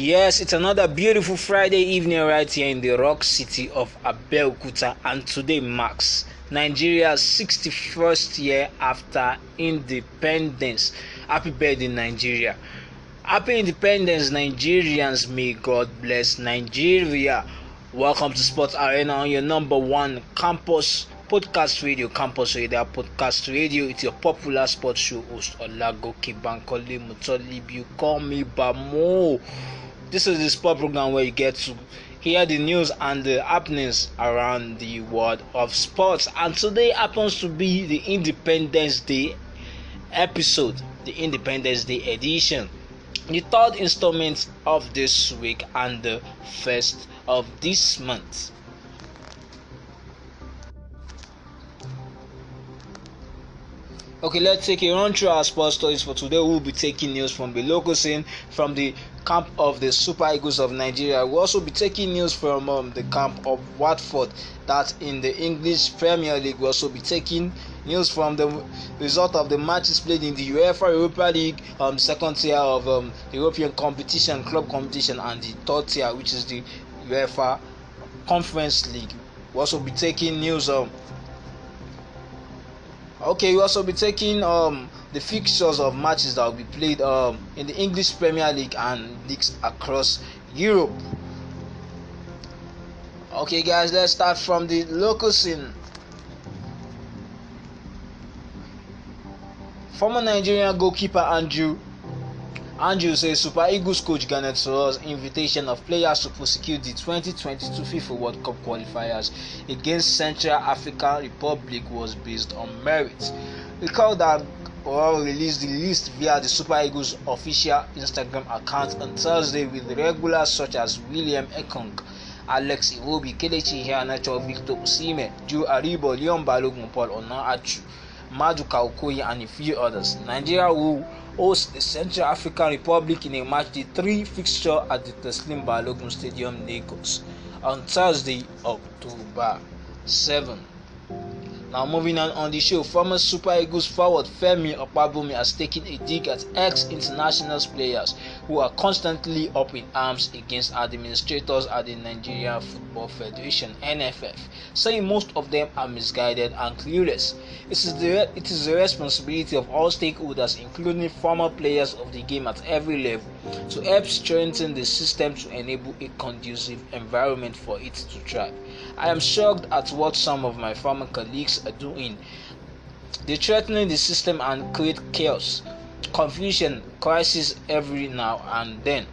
Yes, it's another beautiful Friday evening right here in the rock city of Abeokuta, and today marks Nigeria's 61st year after independence. Happy birthday, Nigeria! Happy Independence, Nigerians! May God bless Nigeria. Welcome to Sports Arena on your number one campus podcast radio, Campus Radio Podcast Radio. It's your popular sports show host Olagoke Bankole Mutoli. You call me Bamo. This is the sport program where you get to hear the news and the happenings around the world of sports. And today happens to be the Independence Day episode, the Independence Day edition, the third installment of this week and the first of this month. Okay, let's take a run through our sports stories for today. We'll be taking news from the local scene, from the camp of the Super Eagles of Nigeria. We'll also be taking news from um, the camp of Watford, that in the English Premier League. We'll also be taking news from the result of the matches played in the UEFA Europa League, um, second tier of um, European competition, club competition, and the third tier, which is the UEFA Conference League. We'll also be taking news um, Okay, we'll also be taking um, the fixtures of matches that will be played um, in the English Premier League and leagues across Europe. Okay, guys, let's start from the local scene. Former Nigerian goalkeeper Andrew Andrew says Super Eagles coach Garnet Soro's invitation of players to prosecute the 2022 FIFA World Cup qualifiers against Central African Republic was based on merit. Recall that Oral released the list via the Super Eagles official Instagram account on Thursday with regulars such as William Ekong, Alex Iwobi, Kelechi Iheanacho, Victor Osime, Joe Aribo, Leon Balogun, Paul Onachu, Maduka Okoye and a few others. Nigeria will hosts the Central African Republic in a match day three fixture at the Teslim Balogun Stadium, Lagos on Thursday, October 7. Now moving on on the show, former Super Eagles forward Femi Opabumi has taken a dig at ex-internationals players who are constantly up in arms against administrators at the Nigerian Football Federation (NFF), saying most of them are misguided and clueless. It is the it is the responsibility of all stakeholders, including former players of the game at every level, to help strengthen the system to enable a conducive environment for it to thrive. I am shocked at what some of my former colleagues are doing. They threaten the system and create chaos, confusion, crisis every now and then.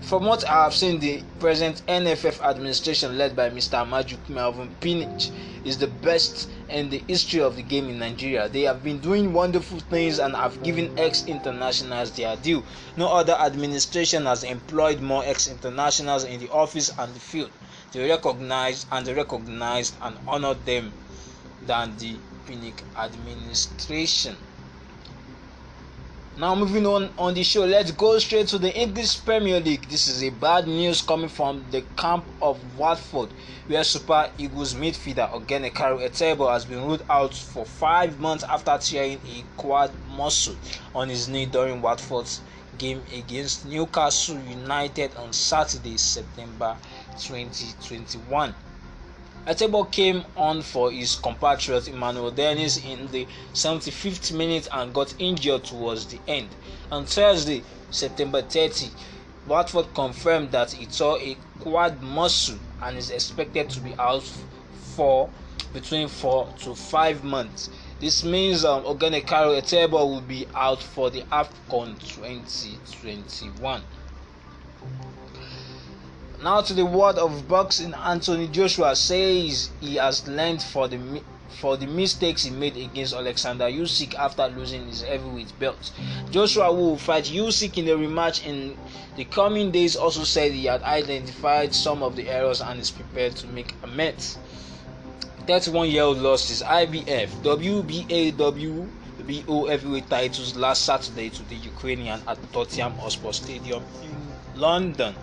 From what I have seen, the present NFF administration led by Mr. Majuk Melvin Pinich is the best in the history of the game in Nigeria. They have been doing wonderful things and have given ex internationals their due. No other administration has employed more ex internationals in the office and the field they recognized and recognise recognized and honored them than the Punic administration. Now moving on on the show, let's go straight to the English Premier League. This is a bad news coming from the camp of Watford, where Super Eagles midfielder Karu Etebo has been ruled out for five months after tearing a quad muscle on his knee during Watford's game against Newcastle United on Saturday, September 2021. Atebo came on for his compatriot Emmanuel Dennis in the 75th minute and got injured towards the end. On Thursday, September 30, Watford confirmed that he tore a quad muscle and is expected to be out for between 4 to 5 months. This means um, Ogene Karo Etebo will be out for the AFCON 2021. Now to the word of boxing, Anthony Joshua says he has learned for the for the mistakes he made against Alexander Usyk after losing his heavyweight belt. Joshua, who will fight Usyk in the rematch in the coming days, also said he had identified some of the errors and is prepared to make amends. 31-year-old lost his IBF, WBA, WBO heavyweight titles last Saturday to the Ukrainian at Tottenham Hotspur Stadium in London.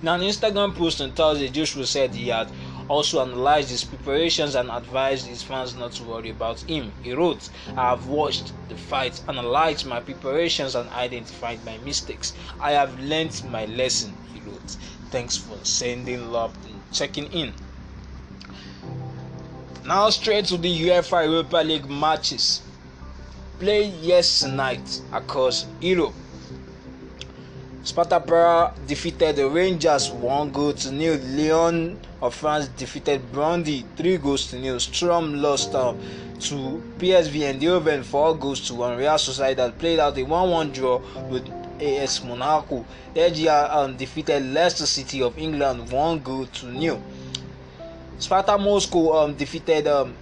Now, an Instagram post on Thursday, Joshua said he had also analyzed his preparations and advised his fans not to worry about him. He wrote, I have watched the fight, analyzed my preparations, and identified my mistakes. I have learned my lesson, he wrote. Thanks for sending love and checking in. Now, straight to the UEFA Europa League matches. Play yes tonight across Europe. Sparta Prague defeated the Rangers one goal to nil. Lyon of France defeated Brøndby three goals to nil. Strom lost uh, to PSV and Eindhoven 4 goals to one. Real Sociedad played out a one-one draw with AS Monaco. LGR um, defeated Leicester City of England one goal to nil. Sparta Moscow um, defeated um,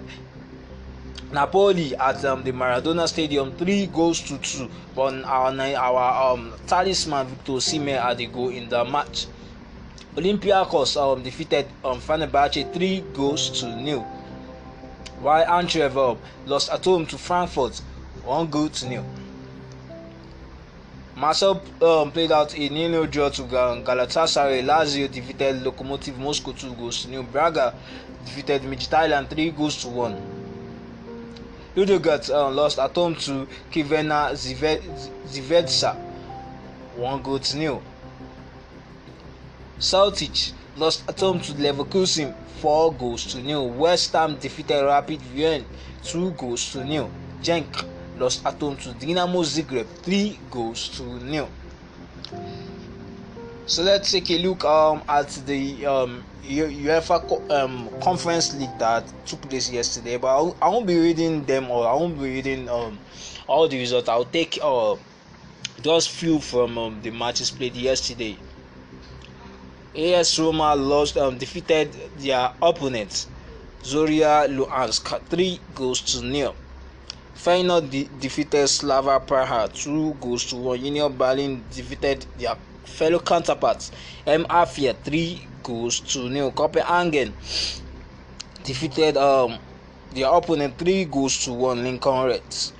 Napoli at um, the Maradona Stadium, three goals to two. But our our um, talisman Victor Sime had the goal in the match. Olympiacos um, defeated um, Fenerbahce three goals to nil. While Antwerp lost at home to Frankfurt, one goal to nil. Marcel um, played out a nil-nil draw to Galatasaray. Lazio defeated Lokomotiv Moscow two goals to nil. Braga defeated Midtjylland three goals to one. Ludo got um, uh, lost at home to Kivena Zvetsa, one goal to nil. Celtic lost at home to Leverkusen, four goals to nil. West Ham defeated Rapid Vienna, two goals to nil. Genk lost at home to Dinamo Zagreb, three goals to nil. So let's take a look um, at the um, UEFA um, Conference League that took place yesterday. But I'll, I will not be reading them all. I won't be reading um, all the results. I'll take uh, just few from um, the matches played yesterday. AS Roma lost um, defeated their opponent Zoria Luhansk three goals to nil. Final de- defeated Slava Praha two goals to one. Union Berlin defeated their fellow counterparts MAFIA three goals to nil. Copenhagen defeated um, their opponent three goals to one. Lincoln Reds.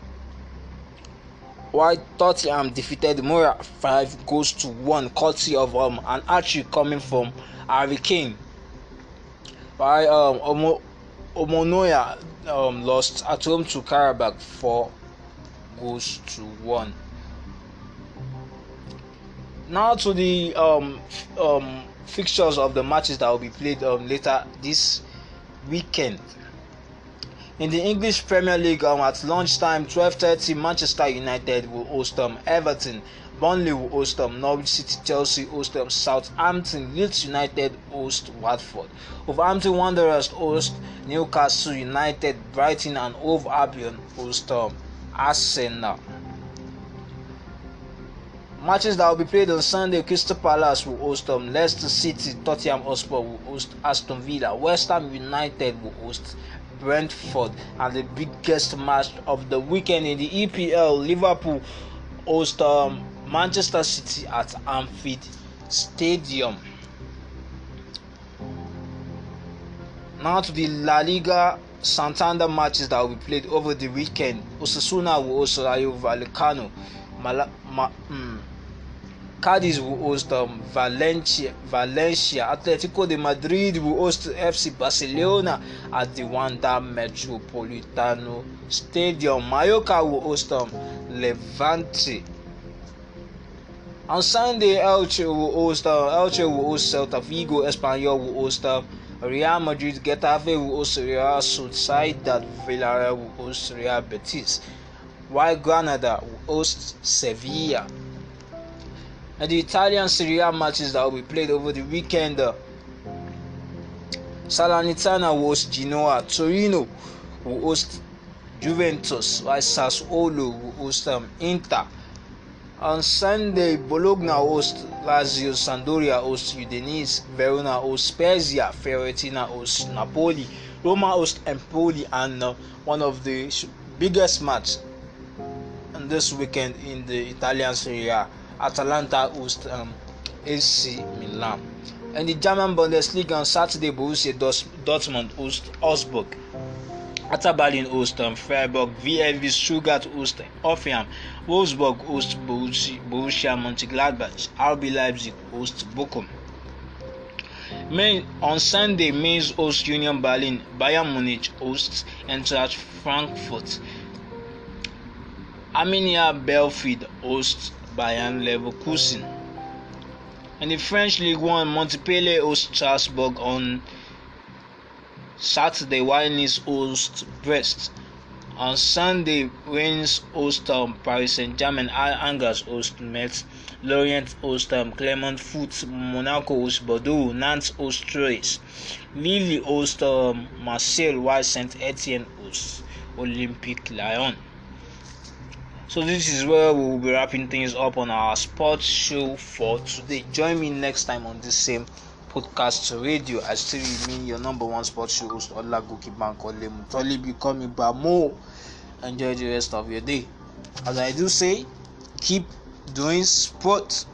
While Tottenham defeated Mora five goals to one. courtesy of um, an archery coming from Harry Kane. While um, Omonoya um, lost at home to Karabakh four goals to one. Now to the um, um, fixtures of the matches that will be played um, later this weekend. In the English Premier League, um, at lunchtime, 12:30, Manchester United will host um, Everton. Burnley will host um, Norwich City, Chelsea host um, Southampton, Leeds United host Watford. Wolverhampton Wanderers host Newcastle United, Brighton and Hove Albion host um, Arsenal. Matches that will be played on Sunday, Crystal Palace will host um, Leicester City, Tottenham Hotspur will host Aston Villa, West Ham United will host Brentford, and the biggest match of the weekend in the EPL, Liverpool host um, Manchester City at Anfield Stadium. Now to the La Liga Santander matches that will be played over the weekend. Osasuna will also Rayo Vallecano. Mal- Ma- um, Cadiz will host um, Valencia, Valencia. Atletico de Madrid will host FC Barcelona at the Wanda Metropolitano Stadium. Mallorca will host um, Levante. On Sunday, Elche will host uh, Elche will host Celta Vigo. Espanyol will host uh, Real Madrid. Getafe will host Real Sociedad. Villarreal will host Real Betis. While Granada will hosts Sevilla. And the Italian Serie A matches that will be played over the weekend. Uh, Salernitana will host Genoa. Torino will host Juventus. While Sassuolo will host um, Inter. On Sunday, Bologna host Lazio, Sampdoria host Udinese, Verona host Spezia, Fiorentina host Napoli, Roma host Empoli, and uh, one of the biggest matches this weekend in the Italian Serie A. Atalanta host um, AC Milan. In the German Bundesliga on Saturday, Borussia Dortmund host Augsburg. Hertha Berlin host um, Freiburg, VfB Stuttgart host um, Hoffenheim, Wolfsburg host Borussia, Borussia Mönchengladbach, RB Leipzig host Bochum. Main, on Sunday, Mainz host Union Berlin, Bayern Munich hosts Eintracht Frankfurt, Arminia Belfield hosts Bayern Leverkusen. In the French League One, Montpellier hosts Strasbourg on Saturday, while Nice hosts Brest. On Sunday, Rennes hosts um, Paris Saint Germain, Angers hosts Metz, Lorient hosts um, Clermont Foot, Monaco hosts Bordeaux, Nantes hosts Troyes, Lille hosts um, Marseille, while Saint Etienne hosts Olympique Lyon. So this is where we will be wrapping things up on our sports show for today. Join me next time on this same podcast radio. I still remain your number one sports show host Olagoki Bankole Mutoli. Become more. Enjoy the rest of your day. As I do say, keep doing sports.